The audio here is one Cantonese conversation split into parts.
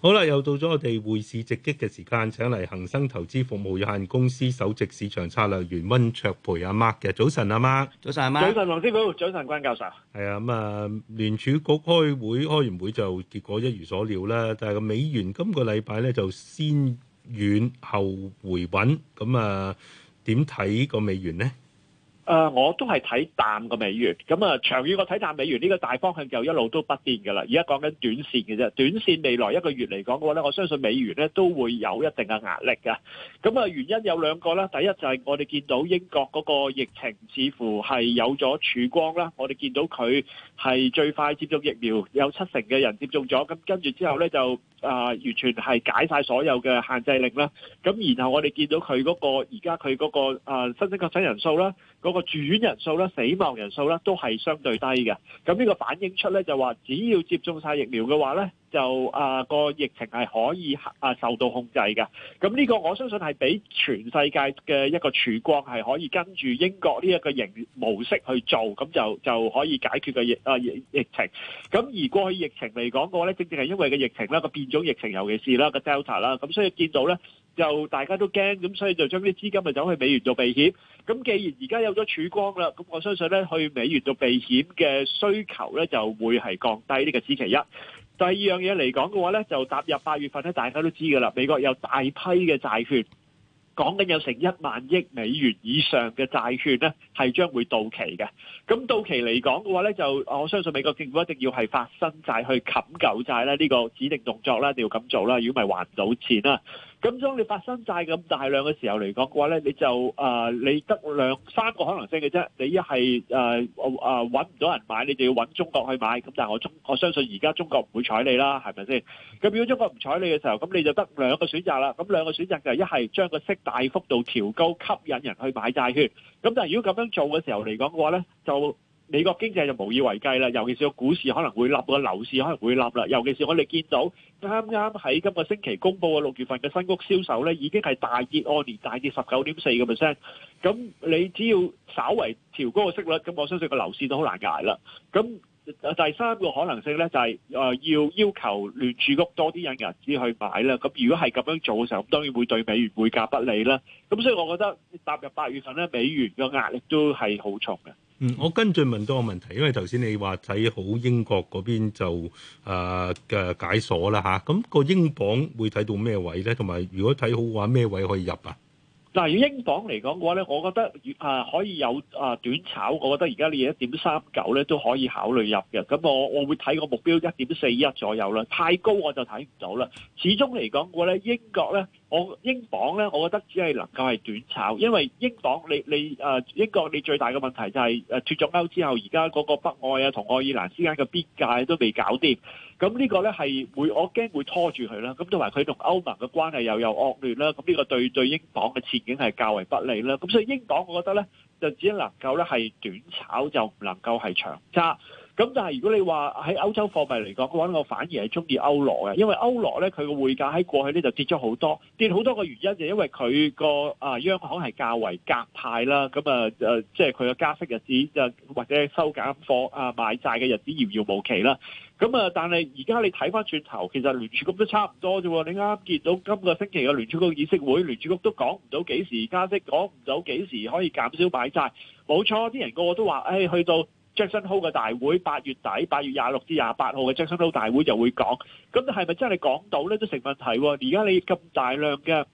好啦，又到咗我哋匯市直擊嘅時間，請嚟恒生投資服務有限公司首席市場策略員溫灼培阿 mark 嘅早晨，阿 Mark，早晨。阿 Mark，早晨、啊、王師傅，早晨關教授。係啊，咁、嗯、啊，聯儲局開會開完會就結果一如所料啦。但係個美元今個禮拜咧就先軟後回穩，咁、嗯、啊，點睇個美元呢？誒、呃，我都係睇淡個美元。咁啊，長遠我睇淡美元呢個大方向就一路都不變㗎啦。而家講緊短線嘅啫，短線未來一個月嚟講嘅話咧，我相信美元咧都會有一定嘅壓力㗎。咁啊，原因有兩個啦。第一就係我哋見到英國嗰個疫情似乎係有咗曙光啦。我哋見到佢係最快接種疫苗，有七成嘅人接種咗。咁跟住之後咧就啊、呃，完全係解晒所有嘅限制令啦。咁然後我哋見到佢嗰、個而家佢嗰個、呃、新增確診人數啦。嗰、那個住院人數啦、死亡人數啦，都係相對低嘅。咁呢個反映出咧，就話只要接種晒疫苗嘅話咧，就啊、那個疫情係可以啊受到控制嘅。咁呢個我相信係比全世界嘅一個柱國係可以跟住英國呢一個型模式去做，咁就就可以解決個疫啊疫疫情。咁而過去疫情嚟講嘅呢，咧，正正係因為個疫情啦、個變種疫情，尤其是啦個 Delta 啦，咁所以見到咧。就大家都驚咁，所以就將啲資金咪走去美元做避險。咁既然而家有咗曙光啦，咁我相信咧去美元做避險嘅需求咧就會係降低呢個指其一。第二樣嘢嚟講嘅話咧，就踏入八月份咧，大家都知噶啦，美國有大批嘅債券，講緊有成一萬億美元以上嘅債券咧係將會到期嘅。咁到期嚟講嘅話咧，就我相信美國政府一定要係發新債去冚舊債咧，呢個指定動作咧，要咁做啦，如果咪還唔到錢啦。咁當你發生債咁大量嘅時候嚟講嘅話咧，你就誒、呃、你得兩三個可能性嘅啫。你一係誒誒揾唔到人買，你就要揾中國去買。咁但係我中我相信而家中國唔會睬你啦，係咪先？咁如果中國唔睬你嘅時候，咁你就得兩個選擇啦。咁兩個選擇就一係將個息大幅度調高，吸引人去買債券。咁但係如果咁樣做嘅時候嚟講嘅話咧，就。美國經濟就無以為繼啦，尤其是個股市可能會冧，個樓市可能會冧啦。尤其是我哋見到啱啱喺今個星期公布嘅六月份嘅新屋銷售咧，已經係大跌，按年大跌十九點四個 percent。咁你只要稍為調高個息率，咁我相信個樓市都好難捱啦。咁第三個可能性咧，就係、是、誒要要求聯儲屋多啲引人資去買啦。咁如果係咁樣做嘅時候，咁當然會對美元匯價不利啦。咁所以我覺得踏入八月份咧，美元個壓力都係好重嘅。嗯，我跟住問多個問題，因為頭先你話睇好英國嗰邊就誒嘅、啊啊、解鎖啦嚇，咁、啊那個英鎊會睇到咩位咧？同埋如果睇好嘅話，咩位可以入啊？嗱，如果英鎊嚟講嘅話咧，我覺得誒可以有誒短炒，我覺得而家呢一點三九咧都可以考慮入嘅。咁我我會睇個目標一點四一左右啦，太高我就睇唔到啦。始終嚟講嘅話咧，英國咧。我英鎊咧，我覺得只係能夠係短炒，因為英鎊你你啊英國你最大嘅問題就係誒脱咗歐之後，而家嗰個北愛啊同愛爾蘭之間嘅邊界都未搞掂，咁呢個咧係會我驚會拖住佢啦，咁同埋佢同歐盟嘅關係又又惡劣啦，咁呢個對對英鎊嘅前景係較為不利啦，咁所以英鎊我覺得咧就只能夠咧係短炒就唔能夠係長揸。咁但係如果你話喺歐洲貨幣嚟講嘅話，我反而係中意歐羅嘅，因為歐羅咧佢個匯價喺過去咧就跌咗好多，跌好多嘅原因就因為佢個啊央行係較為鴿派啦，咁啊誒，即係佢嘅加息日子，或者收減貨啊買債嘅日子遙遙無期啦。咁啊，但係而家你睇翻轉頭，其實聯儲局都差唔多啫。你啱啱見到今個星期嘅聯儲局議息會，聯儲局都講唔到幾時加息，講唔到幾時可以減少買債。冇錯，啲人個個都話，誒、哎、去到。Jackson Hole 嘅大會，八月底，八月廿六至廿八號嘅 Jackson Hole 大會就會講，咁係咪真係你講到咧都成問題喎？而家你咁大量嘅。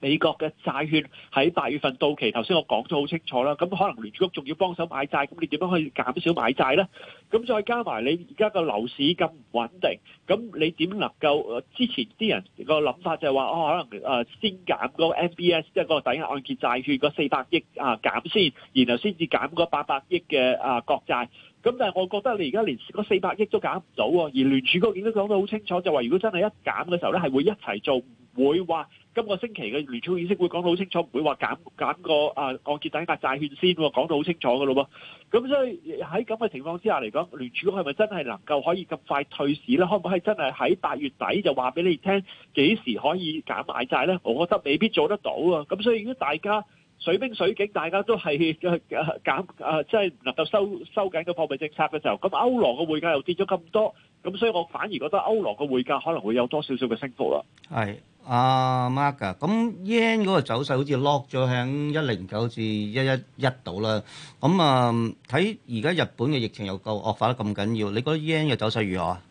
美國嘅債券喺八月份到期，頭先我講咗好清楚啦。咁可能聯儲局仲要幫手買債，咁你點樣可以減少買債咧？咁再加埋你而家個樓市咁唔穩定，咁你點能夠之前啲人個諗法就係話，哦，可能誒先減個 MBS，即係個抵押按揭債券個四百億啊減先，然後先至減個八百億嘅啊國債。咁但係我覺得你而家連四百億都減唔到，而聯儲局亦都講得好清楚，就話如果真係一減嘅時候咧，係會一齊做。會話今個星期嘅聯儲議息會講得好清楚，唔會話減減個啊按揭抵押債券先，講得好清楚嘅咯。咁所以喺咁嘅情況之下嚟講，聯儲局係咪真係能夠可以咁快退市咧？可唔可以真係喺八月底就話俾你聽幾時可以減買債咧？我覺得未必做得到啊。咁所以如果大家水兵水警，大家都係啊減啊，即係唔能夠收收緊個貨幣政策嘅時候，咁歐羅嘅匯價又跌咗咁多，咁所以我反而覺得歐羅嘅匯價可能會有多少少嘅升幅啦。係。阿 Mark 啊，咁 yen 嗰個走勢好似落咗喺一零九至一一一度啦。咁啊，睇而家日本嘅疫情又夠惡化得咁緊要，你覺得 yen 嘅走勢如何啊？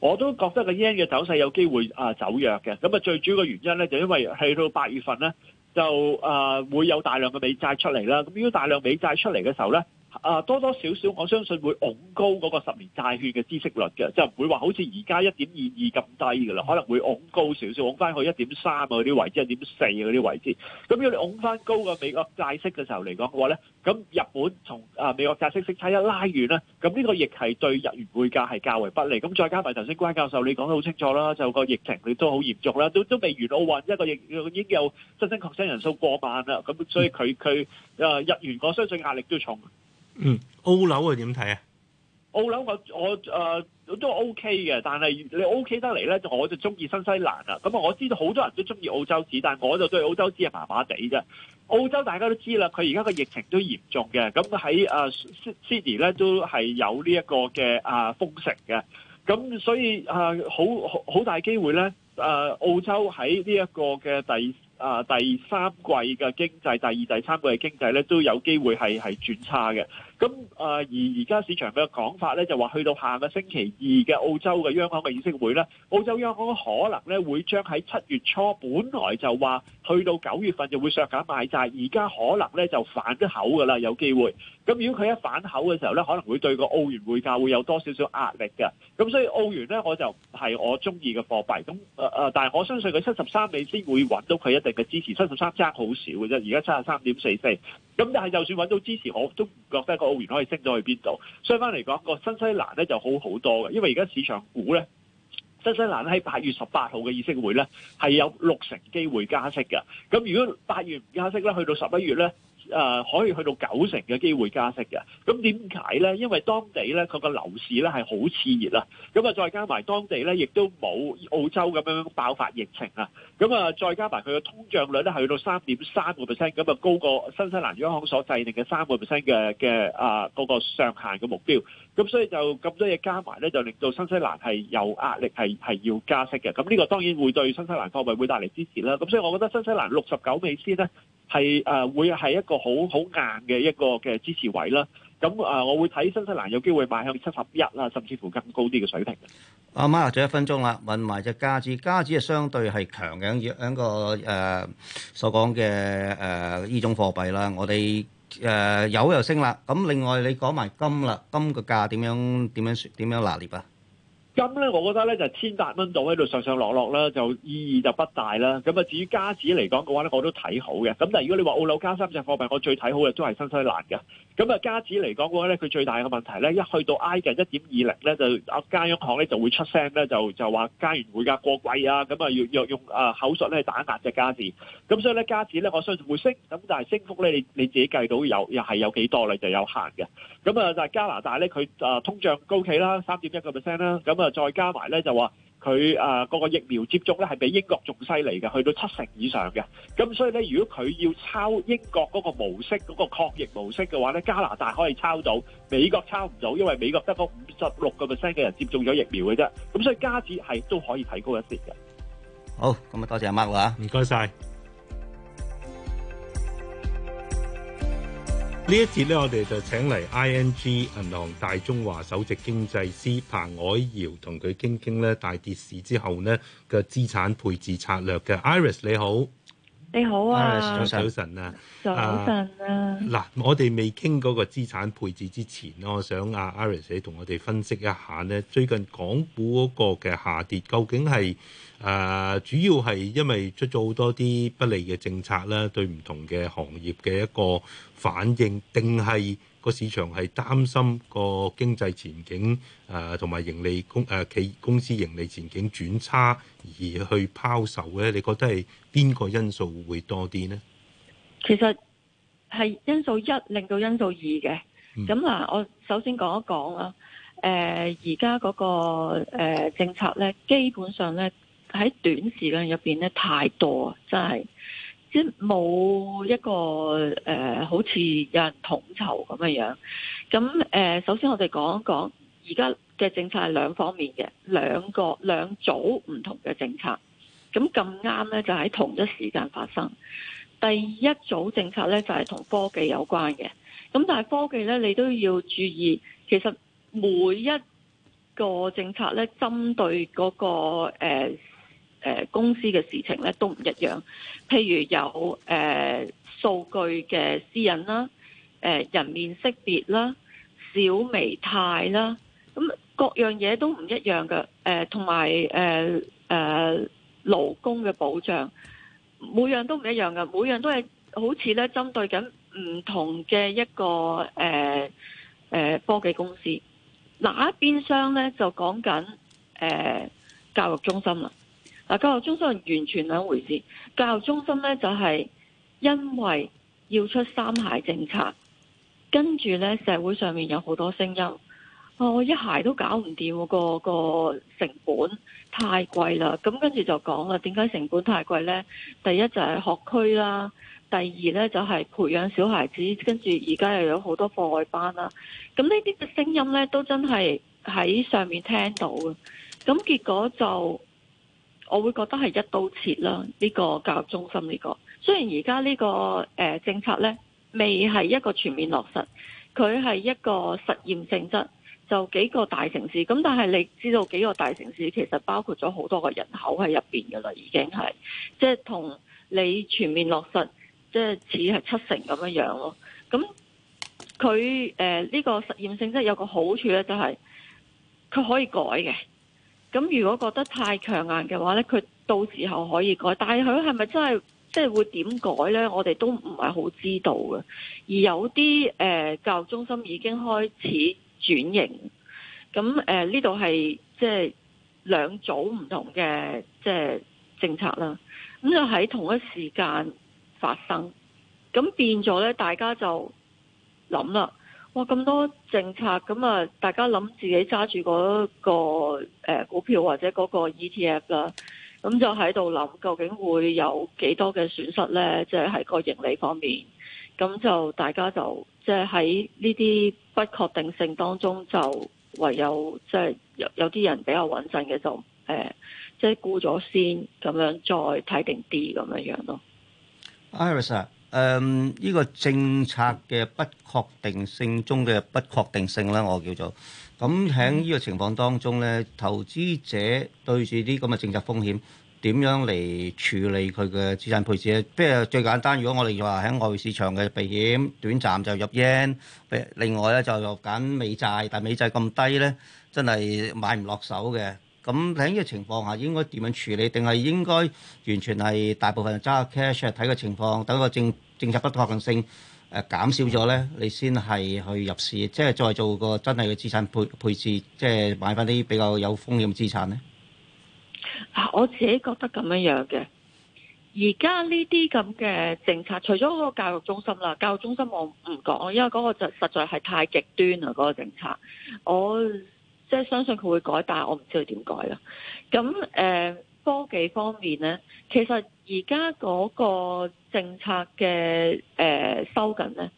我都覺得個 yen 嘅走勢有機會啊走弱嘅。咁啊，最主要嘅原因咧，就因為去到八月份咧，就啊會有大量嘅美債出嚟啦。咁如果大量美債出嚟嘅時候咧，啊，多多少少我相信會戧高嗰個十年債券嘅孳息率嘅，就唔會話好似而家一點二二咁低嘅啦，可能會戧高少少，戧翻去一點三啊嗰啲位置、一點四啊嗰啲位置。咁如果你戧翻高個美國債息嘅時候嚟講嘅話呢，咁日本同啊美國債息息差一拉遠呢，咁呢個亦係對日元匯價係較為不利。咁再加埋頭先關教授你講得好清楚啦，就個疫情佢都好嚴重啦，都都未完奧運一個疫已經有新增確診人數過萬啦，咁所以佢佢啊日元我相信壓力都重。嗯，澳樓啊點睇啊？澳樓我我誒、呃、都 OK 嘅，但係你 OK 得嚟咧，我就中意新西蘭啦。咁啊，我知道好多人都中意澳洲紙，但係我就對澳洲紙係麻麻地啫。澳洲大家都知啦，佢而家個疫情都嚴重嘅，咁喺誒 Sydney 咧都係有呢一個嘅啊封城嘅，咁所以啊、呃、好好好大機會咧，誒、呃、澳洲喺呢一個嘅第。啊，第三季嘅經濟、第二、第三季嘅經濟咧，都有機會係係轉差嘅。咁啊，而而家市場嘅講法咧，就話去到下個星期二嘅澳洲嘅央行嘅議息會咧，澳洲央行可能咧會將喺七月初，本來就話去到九月份就會削減買債，而家可能咧就反口㗎喇，有機會。咁如果佢一反口嘅時候咧，可能會對個澳元匯價會有多少少壓力嘅。咁所以澳元咧，我就係我中意嘅貨幣。咁啊、呃、但係我相信佢七十三美先會揾到佢一。嘅支持，七十三爭好少嘅啫，而家七十三點四四，咁但係就算揾到支持，我都唔覺得個澳元可以升咗去邊度。相反嚟講，個新西蘭咧就好好多嘅，因為而家市場估咧新西蘭喺八月十八號嘅議息會咧係有六成機會加息嘅。咁如果八月唔加息咧，去到十一月咧。誒、呃、可以去到九成嘅機會加息嘅，咁點解咧？因為當地咧佢個樓市咧係好熾熱啦，咁啊再加埋當地咧亦都冇澳洲咁樣爆發疫情啊，咁啊再加埋佢嘅通脹率咧係去到三點三個 percent，咁啊高過新西蘭央行所制定嘅三個 percent 嘅嘅啊嗰、嗰個上限嘅目標，咁所以就咁多嘢加埋咧，就令到新西蘭係有壓力係係要加息嘅，咁呢個當然會對新西蘭貨幣會帶嚟支持啦，咁所以我覺得新西蘭六十九美仙咧。係誒會係一個好好硬嘅一個嘅支持位啦。咁誒，我會睇新西蘭有機會邁向七十一啦，甚至乎更高啲嘅水平。阿 Mark，仲有一分鐘啦，問埋隻加紙，加紙係相對係強嘅，響響個誒所講嘅誒呢種貨幣啦。我哋誒油又升啦。咁另外你講埋金啦，金嘅價點樣點樣點樣拿捏啊？咁咧，我覺得咧就千八蚊度喺度上上落落啦，就意義就不大啦。咁啊，至於加紙嚟講嘅話咧，我都睇好嘅。咁但係如果你話澳紐加三隻貨幣，我最睇好嘅都係新西蘭嘅。咁啊，加紙嚟講嘅話咧，佢最大嘅問題咧，一去到挨近一點二零咧，就啊加央行咧就會出聲咧，就就話加完會價過貴啊，咁啊要要用啊口述咧打壓隻加紙。咁所以咧加紙咧，我相信會升，咁但係升幅咧，你你自己計到有又係有幾多你就有限嘅。咁啊，就加拿大咧，佢啊通脹高企啦，三點一個 percent 啦，咁啊。再加埋咧就話佢啊，嗰個、呃、疫苗接種咧係比英國仲犀利嘅，去到七成以上嘅。咁所以咧，如果佢要抄英國嗰個模式，嗰、嗰個抗疫模式嘅話咧，加拿大可以抄到，美國抄唔到，因為美國得嗰五十六個 percent 嘅人接種咗疫苗嘅啫。咁所以加紙係都可以睇高一啲嘅。好，咁啊多謝阿 Mark 喇。唔該晒。一呢一節咧，我哋就請嚟 ING 銀行大中華首席經濟師彭藹嬈，同佢傾傾咧大跌市之後呢嘅資產配置策略嘅 Iris，你好。你好啊，早晨啊，早晨啊。嗱、啊，我哋未傾嗰個資產配置之前咧，我想阿 Iris 你同我哋分析一下咧，最近港股嗰個嘅下跌，究竟係誒、啊、主要係因為出咗好多啲不利嘅政策啦，對唔同嘅行業嘅一個反應，定係？個市場係擔心個經濟前景誒，同埋盈利公誒企公司盈利前景轉差，而去拋售咧。你覺得係邊個因素會多啲呢？其實係因素一，令到因素二嘅。咁嗱，我首先講一講啦。誒，而家嗰個誒政策咧，基本上咧喺短時間入邊咧太多，真係。冇一個誒、呃，好似有人統籌咁嘅樣,樣。咁誒、呃，首先我哋講一講而家嘅政策係兩方面嘅，兩個兩組唔同嘅政策。咁咁啱咧，就喺、是、同一時間發生。第一組政策咧就係、是、同科技有關嘅。咁但係科技咧，你都要注意，其實每一個政策咧，針對嗰、那個誒。呃誒，公司嘅事情咧都唔一樣，譬如有誒數、呃、據嘅私隱啦，誒、呃、人面識別啦，小微貸啦，咁各樣嘢都唔一樣嘅。誒、呃，同埋誒誒勞工嘅保障，每樣都唔一樣嘅，每樣都係好似咧針對緊唔同嘅一個誒誒、呃呃、科技公司。另一邊廂咧就講緊誒教育中心啦。教育中心完全兩回事。教育中心呢，就係因為要出三孩政策，跟住呢社會上面有好多聲音，哦，我一孩都搞唔掂，個個成本太貴啦。咁跟住就講啦，點解成本太貴呢？第一就係學區啦，第二呢就係培養小孩子，跟住而家又有好多課外班啦。咁呢啲嘅聲音呢，都真係喺上面聽到嘅。咁結果就。我會覺得係一刀切啦，呢、呢個教育中心呢、呢個，雖然而家呢個誒、呃、政策呢，未係一個全面落實，佢係一個實驗性質，就幾個大城市咁，但係你知道幾個大城市其實包括咗好多個人口喺入邊噶啦，已經係即係同你全面落實，即係似係七成咁樣樣咯。咁佢誒呢個實驗性質有個好處呢，就係、係、佢可以改嘅。咁如果覺得太強硬嘅話呢，佢到時候可以改，但係佢係咪真係即係會點改呢？我哋都唔係好知道嘅。而有啲誒教育中心已經開始轉型，咁誒呢度係即係兩組唔同嘅即係政策啦。咁就喺同一時間發生，咁變咗呢，大家就諗啦。哇！咁多政策咁啊，大家諗自己揸住嗰個誒股票或者嗰個 ETF 啦，咁就喺度諗，究竟會有幾多嘅損失呢？即係喺個盈利方面，咁就大家就即係喺呢啲不確定性當中，就唯有即係、就是、有有啲人比較穩陣嘅就誒，即係沽咗先，咁樣再睇定啲咁樣樣咯。阿 Iris 誒、嗯、呢、這個政策嘅不確定性中嘅不確定性啦，我叫做咁喺呢個情況當中咧，投資者對住啲咁嘅政策風險點樣嚟處理佢嘅資產配置咧？即係最簡單，如果我哋話喺外匯市場嘅避險短暫就入 yen，另外咧就又揀美債，但係美債咁低咧，真係買唔落手嘅。咁喺呢個情況下，應該點樣處理？定係應該完全係大部分揸個 cash，睇個情況，等個政政策不確定性誒減少咗咧，你先係去入市，即係再做個真係嘅資產配配置，即係買翻啲比較有風險資產咧。啊，我自己覺得咁樣樣嘅。而家呢啲咁嘅政策，除咗嗰個教育中心啦，教育中心我唔講，因為嗰個就實在係太極端啦，嗰個政策我。即係相信佢會改，但係我唔知道點改啦。咁誒科技方面呢，其實而家嗰個政策嘅誒收緊呢，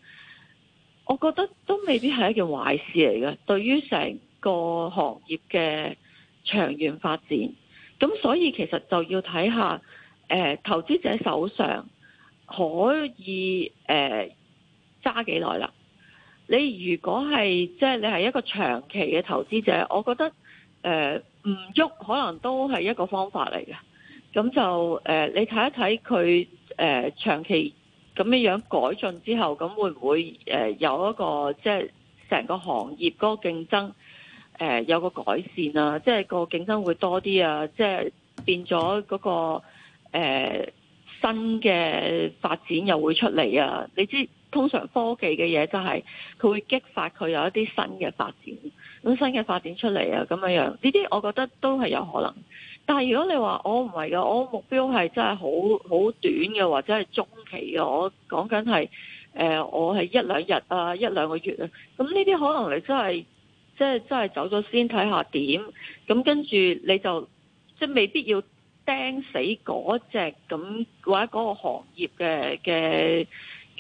我覺得都未必係一件壞事嚟嘅。對於成個行業嘅長遠發展，咁所以其實就要睇下誒投資者手上可以誒揸幾耐啦。呃你如果係即係你係一個長期嘅投資者，我覺得誒唔喐可能都係一個方法嚟嘅。咁就誒、呃，你睇一睇佢誒長期咁樣樣改進之後，咁會唔會誒、呃、有一個即係成個行業嗰個競爭誒、呃、有個改善啊？即係個競爭會多啲啊？即係變咗嗰、嗰個誒、呃、新嘅發展又會出嚟啊？你知？通常科技嘅嘢就係佢會激發佢有一啲新嘅發展，咁新嘅發展出嚟啊，咁樣樣呢啲我覺得都係有可能。但係如果你話我唔係㗎，我目標係真係好好短嘅，或者係中期嘅，我講緊係誒，我係一兩日啊，一兩個月啊，咁呢啲可能你真係即係真係走咗先睇下點，咁跟住你就即係未必要釘死嗰隻咁或者嗰個行業嘅嘅。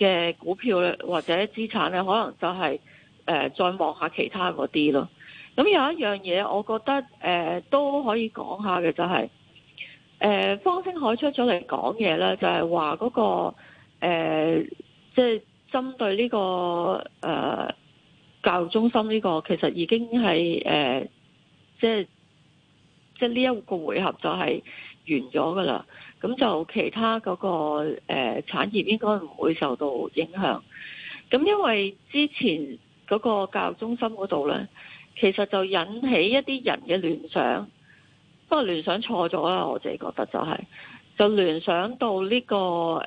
嘅股票咧，或者資產咧，可能就係、是、誒、呃、再望下其他嗰啲咯。咁有一樣嘢，我覺得誒、呃、都可以講下嘅，就係誒方星海出咗嚟講嘢咧，就係話嗰個即係針對呢、這個誒、呃、教育中心呢、這個，其實已經係誒即係即係呢一個回合就係、是。完咗噶啦，咁就其他嗰、那個誒、呃、產業應該唔會受到影響。咁因為之前嗰個教育中心嗰度呢，其實就引起一啲人嘅聯想，不過聯想錯咗啦，我自己覺得就係、是、就聯想到呢、這個誒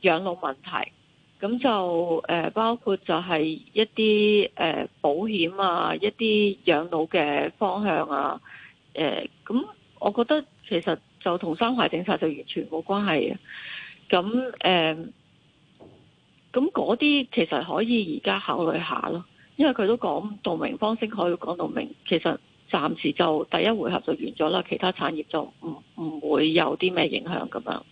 養、呃、老問題，咁就誒、呃、包括就係一啲誒、呃、保險啊，一啲養老嘅方向啊，誒、呃，咁我覺得其實。就同三孩政策就完全冇關係嘅，咁誒，咁嗰啲其實可以而家考慮下咯，因為佢都講道明方式、可以講道明，其實暫時就第一回合就完咗啦，其他產業就唔唔會有啲咩影響咁樣。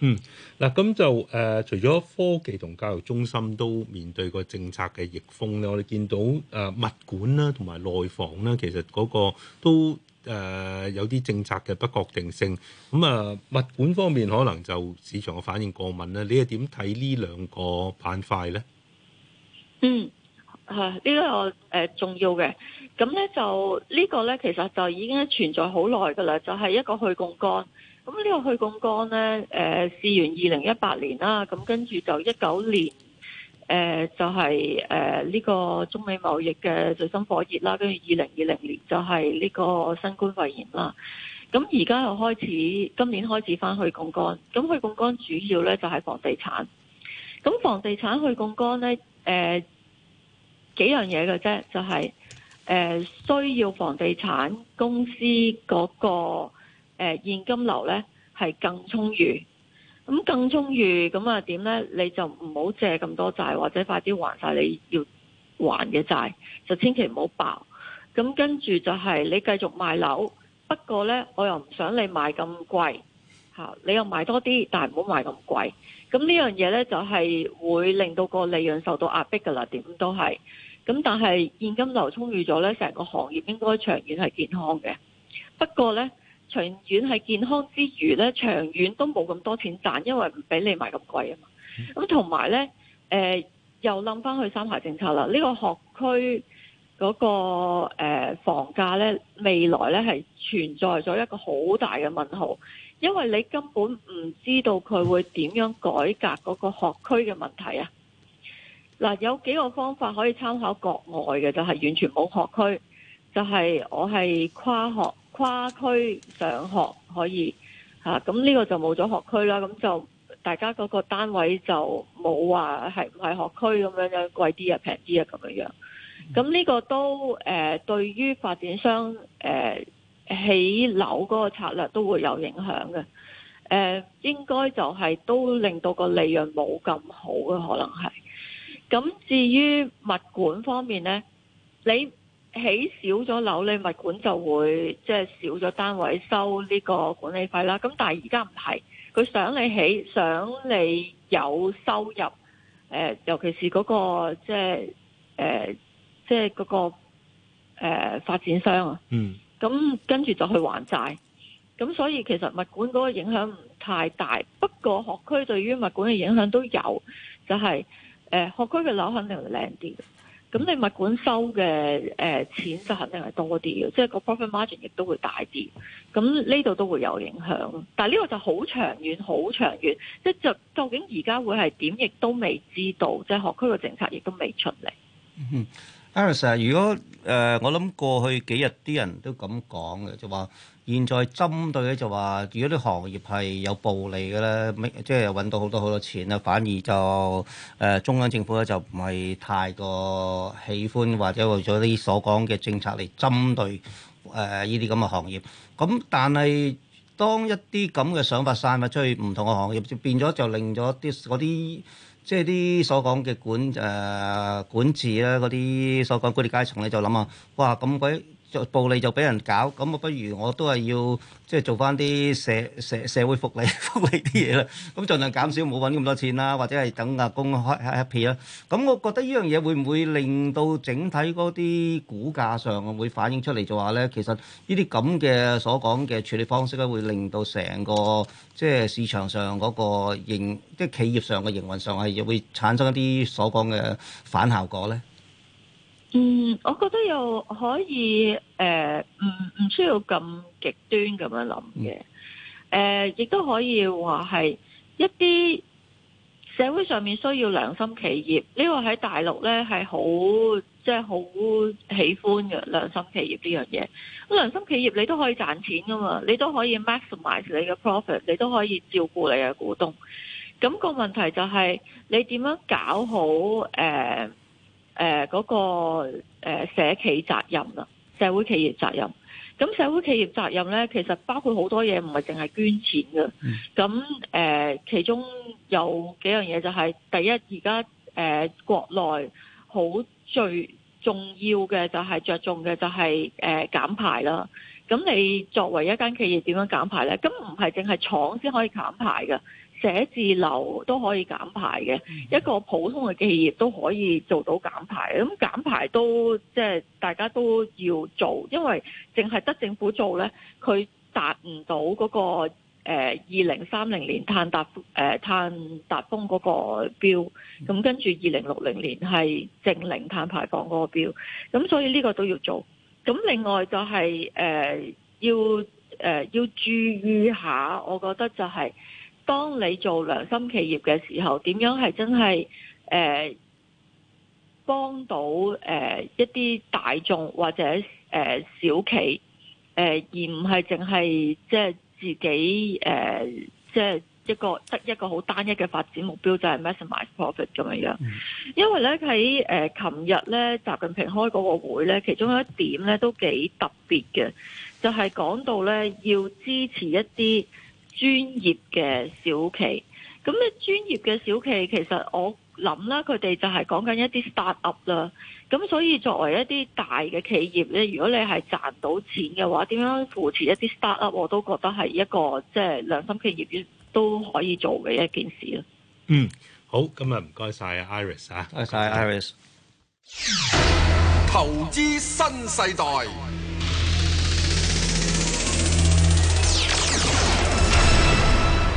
嗯，嗱，咁就誒，除咗科技同教育中心都面對個政策嘅逆風咧，我哋見到誒物管啦，同埋內房咧，其實嗰個都。誒、呃、有啲政策嘅不確定性，咁、嗯、啊物管方面可能就市場嘅反應過敏啦。你係點睇呢兩個板塊咧？嗯，嚇、啊，呢、這個誒、呃、重要嘅。咁咧就、這個、呢個咧其實就已經存在好耐㗎喇，就係、是、一個去槓桿。咁呢個去槓桿咧，誒試完二零一八年啦，咁跟住就一九年。那跟誒、呃、就係誒呢個中美貿易嘅最新火熱啦，跟住二零二零年就係呢個新冠肺炎啦。咁而家又開始，今年開始翻去槓桿，咁去槓桿主要咧就係房地產。咁房地產去槓桿咧，誒、呃、幾樣嘢嘅啫，就係、是呃、需要房地產公司嗰、那個誒、呃、現金流咧係更充裕。咁更充裕，咁啊點呢？你就唔好借咁多債，或者快啲還晒你要還嘅債，就千祈唔好爆。咁跟住就係你繼續賣樓，不過呢，我又唔想你賣咁貴吓，你又賣多啲，但係唔好賣咁貴。咁呢樣嘢呢，就係會令到個利潤受到壓迫噶啦，點都係。咁但係現金流充裕咗呢，成個行業應該長遠係健康嘅。不過呢。長遠係健康之餘呢，長遠都冇咁多錢賺，因為唔俾你買咁貴啊嘛。咁同埋呢，誒、呃、又諗返去三孩政策啦。呢、這個學區嗰、那個誒、呃、房價呢，未來呢係存在咗一個好大嘅問號，因為你根本唔知道佢會點樣改革嗰個學區嘅問題啊。嗱、呃，有幾個方法可以參考國外嘅，就係、是、完全冇學區，就係、是、我係跨學。跨區上學可以嚇，咁、啊、呢個就冇咗學區啦，咁就大家嗰個單位就冇話係唔係學區咁樣樣貴啲啊、平啲啊咁樣樣。咁呢個都誒、呃、對於發展商誒、呃、起樓嗰個策略都會有影響嘅。誒、呃、應該就係都令到嗰個利潤冇咁好嘅可能係。咁至於物管方面呢。你？起少咗樓你物管就會即係少咗單位收呢個管理費啦。咁但係而家唔係，佢想你起，想你有收入。誒，尤其是嗰個即係誒，即係嗰個誒發展商啊。嗯。咁跟住就去還債。咁所以其實物管嗰個影響唔太大，不過學區對於物管嘅影響都有，就係誒學區嘅樓肯定會靚啲。咁你物管收嘅誒、呃、錢就肯定係多啲嘅，即係個 profit margin 亦都會大啲。咁呢度都會有影響，但係呢個就好長遠，好長遠，即係就究竟而家會係點，亦都未知道。即係學區嘅政策亦都未出嚟。嗯哼。如果誒、呃，我諗過去幾日啲人都咁講嘅，就話現在針對咧就話，如果啲行業係有暴利嘅咧，即係搵到好多好多錢咧，反而就誒、呃、中央政府咧就唔係太過喜歡或者為咗啲所講嘅政策嚟針對誒呢啲咁嘅行業。咁但係當一啲咁嘅想法散發出去，唔同嘅行業就變咗，就令咗啲啲。即係啲所講嘅管誒、呃、管治啦，嗰啲所講管理階層咧，就諗下哇咁鬼～暴利就俾人搞，咁啊不如我都係要即係做翻啲社社社會福利福利啲嘢啦。咁盡量減少唔好揾咁多錢啦，或者係等啊公開 happy 啦。咁我覺得呢樣嘢會唔會令到整體嗰啲股價上會反映出嚟就話咧？其實呢啲咁嘅所講嘅處理方式咧，會令到成個即係、就是、市場上嗰個營即係、就是、企業上嘅營運上係又會產生一啲所講嘅反效果咧？嗯，我覺得又可以誒，唔、呃、唔需要咁極端咁樣諗嘅。誒、呃，亦都可以話係一啲社會上面需要良心企業，這個、在呢個喺大陸咧係好即係好喜歡嘅良心企業呢樣嘢。良心企業你都可以賺錢噶嘛，你都可以 maximize 你嘅 profit，你都可以照顧你嘅股東。咁、那個問題就係你點樣搞好誒？呃誒、呃、嗰、那個、呃、社企責任啦，社會企業責任。咁社會企業責任咧，其實包括好多嘢，唔係淨係捐錢嘅。咁誒、呃，其中有幾樣嘢就係、是、第一，而家誒國內好最重要嘅就係着重嘅就係、是、誒、呃、減排啦。咁你作為一間企業點樣減排咧？咁唔係淨係廠先可以減排嘅。寫字樓都可以減排嘅，一個普通嘅企業都可以做到減排。咁減排都即係大家都要做，因為淨係得政府做呢，佢達唔到嗰、那個二零三零年碳達誒、呃、碳達峰嗰個標，咁跟住二零六零年係淨零碳排放嗰個標。咁所以呢個都要做。咁另外就係、是、誒、呃、要誒、呃、要注意一下，我覺得就係、是。當你做良心企業嘅時候，點樣係真係誒幫到誒、呃、一啲大眾或者誒、呃、小企誒、呃，而唔係淨係即係自己誒，即、呃、係、呃、一個得一個好單一嘅發展目標就係、是、maximise profit 咁樣樣。因為咧喺誒琴日咧習近平開嗰個會咧，其中有一點咧都幾特別嘅，就係、是、講到咧要支持一啲專業嘅小企，咁咧專業嘅小企，其實我諗啦，佢哋就係講緊一啲 start up 啦。咁所以作為一啲大嘅企業咧，如果你係賺到錢嘅話，點樣扶持一啲 start up，我都覺得係一個即係、就是、良心企業都可以做嘅一件事咯。嗯，好，今日唔該晒 Iris 啊，唔該晒 Iris。投資新世代。